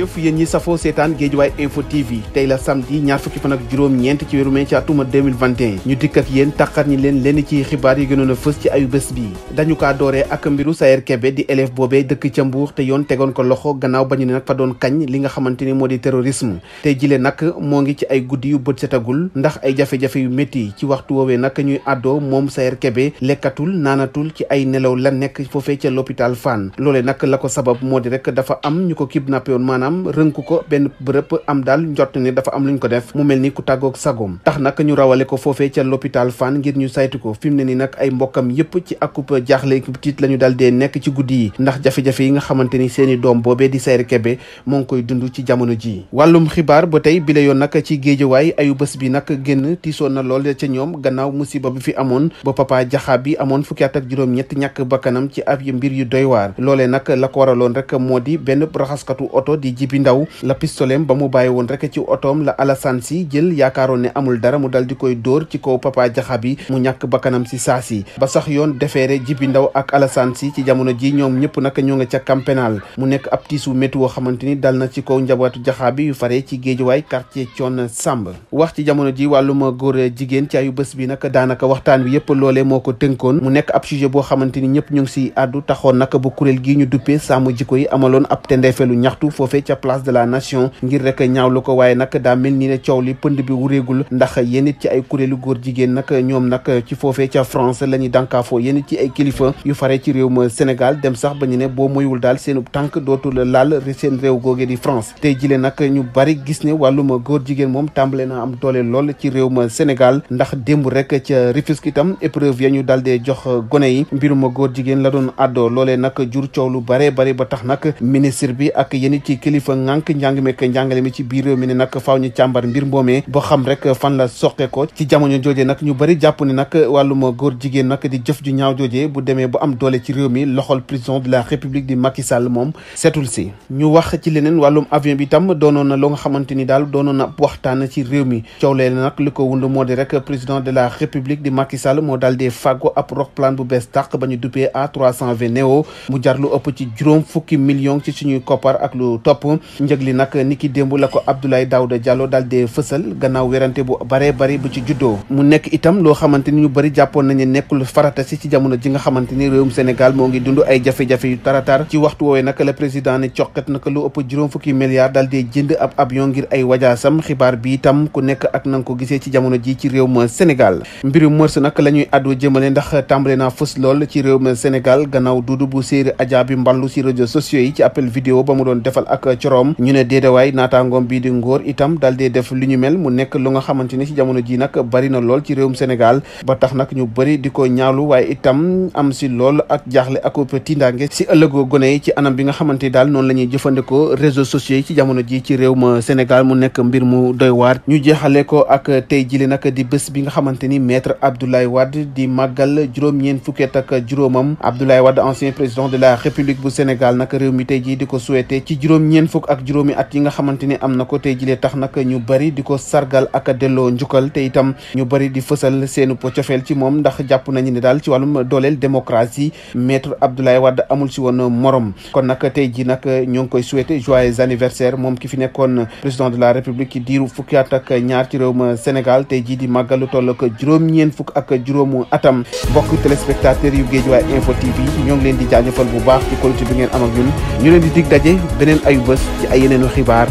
jëf yéen ñi safoo seetaan Géejawaay info TV tey la samedi ñaar fukki fan ak juróom-ñeent ci weeru mai ci ñu dikk ak yéen tàqat ñi leen lenn ci xibaar yi gënoon a fës ci ayu bés bi dañu kaa dooree ak mbiru Sayer Kebe di élève boobee dëkk ca Mbuur te yoon tegoon ko loxo gannaaw ba ñu ne nag fa doon kañ li nga xamante moo di terrorisme tey jile nag moo ngi ci ay guddi yu bët setagul ndax ay jafe-jafe yu métti ci waxtu woowee nag ñuy àddoo moom Sayer Kebe lekkatul naanatul ci ay nelaw la nekk foofee ca l'hôpital Fann loole nag la ko sabab moo di rek dafa manam rënku ko benn bërëb am daal njort ne dafa am luñ ko def mu mel ni ku tàggoog sagoom tax nak ñu rawale ko foofee ca l'hôpital fan ngir ñu saytu ko fi mu ne ni nag ay mbokkam yépp ci akub jaaxle tiit la ñu daal dee nekk ci guddi yi ndax jafe-jafe yi nga xamante ni seeni doom boobee di Sayer Kébé moo ngi koy dund ci jamono ji wàllum xibaar ba tey bi la yoon nag ci géejawaay ayu bés bi nag génn tiisoon na lool ca ñoom gannaaw musiba bi fi amoon ba papa jaxa bi amoon fukki at ak juróom ñett ñàkk ci ab mbir yu doy waar loolee nag la ko waraloon rek moo di benn raxaskatu di di jibi ndaw la pistolem ba mu bàyyi woon rek ci otoom la Alassane si jël yaakaaroon ne amul dara mu dal di koy dóor ci kaw papa jaxa bi mu ñàkk bakkanam si saa ba sax yoon defeere jibi ak Alassane si ci jamono ji ñoom ñëpp nag ñoo nga ca camp pénal mu nekk ab tiisu métti woo xamante ni dal na ci kaw njabootu jaxa bi yu fare ci géejuwaay quartier Thion Samb wax ci jamono ji wàllum góor jigéen ci ayu bés bi nag daanaka waxtaan wi yëpp loolee moo ko tënkoon mu nekk ab sujet boo xamante ni ñëpp ñu ngi siy àddu fële ca place de la nation ngir rek ñaawlu ko waaye nag daa mel ni ne coow li pënd bi wuréegul ndax yéen ci ay kuréelu góor jigéen nag ñoom nag ci foofee ca France la dànkaafoo yéen ci ay kilifa yu fare ci réew ma Sénégal dem sax ba ñu ne boo moyul daal seenub tànk dootul laal seen réew googee di France tey jile nag ñu bari gis ne wàllum góor jigéen moom tàmbale na am doole lool ci réew ma Sénégal ndax démb rek ca Rufisque itam épreuve ya ñu daal dee jox gone yi mbirum góor jigéen la doon àddoo loolee nag jur coow kilifa ŋànk njàng mekk njàngale mi ci biir réew mi ne nag faaw ñu càmbar mbir mboomee boo xam rek fan la soqe ko ci jamono jooje nag ñu bëri jàpp ne nag wàllum góor jigéen nag di jëf ju ñaaw jooje bu demee bu am doole ci réew mi loxol président de la république di Macky Sall moom seetul si ñu wax ci leneen wàllum avion bi tam doonoon na loo nga ni daal doonoon na waxtaan ci réew mi coow li ko wund moo di rek président de la république di Macky Sall moo daal di fàggo ab roplaan bu bees tàq ba ñu duppee A320 Neo mu jar lu ëpp ci juróom fukki millions ci suñuy koppar ak lu topp topp njëg li nag ni ki démb la ko Abdoulaye Daouda Diallo daal di fësal gannaaw werante bu baree bari bu ci juddoo mu nekk itam loo xamante ni ñu bëri jàppoon nañu nekkul farata si ci jamono ji nga xamante ni réewum Sénégal moo ngi dund ay jafe-jafe yu taratar ci waxtu woowee nag la président ne coqet naka lu ëpp juróom fukki milliards daal di jënd ab avion ngir ay wajaasam xibaar bi itam ku nekk ak na nga ko gisee ci jamono ji ci réew ma Sénégal mbirum mërs nag la ñuy àddu jëmale ndax tàmbale naa fës lool ci réewum Sénégal gannaaw duudu bu séeri Adja bi mballu si réseaux sociaux ci appel vidéo mu doon defal ak ak coroom ñu ne déedawaay naataangoom bii di ngóor itam daal di def lu ñu mel mu nekk lu nga xamante ni ci jamono ji nag bari na lool ci réewum Sénégal ba tax nag ñu bari di ko ñaalu waaye itam am si lool ak jaaxle ak tiindaange si ëllëgoo gone yi ci anam bi nga xamante ni daal noonu la jëfandikoo réseaux sociaux ci jamono ji ci réew ma Sénégal mu nekk mbir mu doy waar ñu jeexale ko ak tey jile nag di bës bi nga xamante ni maître Abdoulaye Wade di màggal juróom-ñeent fukki at ak juróomam Abdoulaye Wade ancien président de la République bu Sénégal nag réew mi tey jii di ko souhaité ci juróom ñeent fukk ak juróomi at yi nga xamante ni am na ko tey jilee tax nag ñu bëri di ko sargal ak delloo njukkal te itam ñu bari di fësal seenu po cofeel ci moom ndax jàpp nañu ne daal ci wàllum dooleel démocratie maître Abdoulaye Wade amul si woon moroom kon nag tey ji nag ñoo ngi koy souhaiter joyeux anniversaire moom ki fi nekkoon président de la république ci diiru fukki at ak ñaar ci réewum Sénégal tey ji di màggalu toll ak juróom-ñeent fukk ak juróomu atam mbokk téléspectateurs yu géej Guédiawaye Info TV ñoo ngi leen di jaajëfal bu baax ci qualité bi ngeen am ak ñun ñu leen di dig daje beneen ayub pues hay en el ojibar,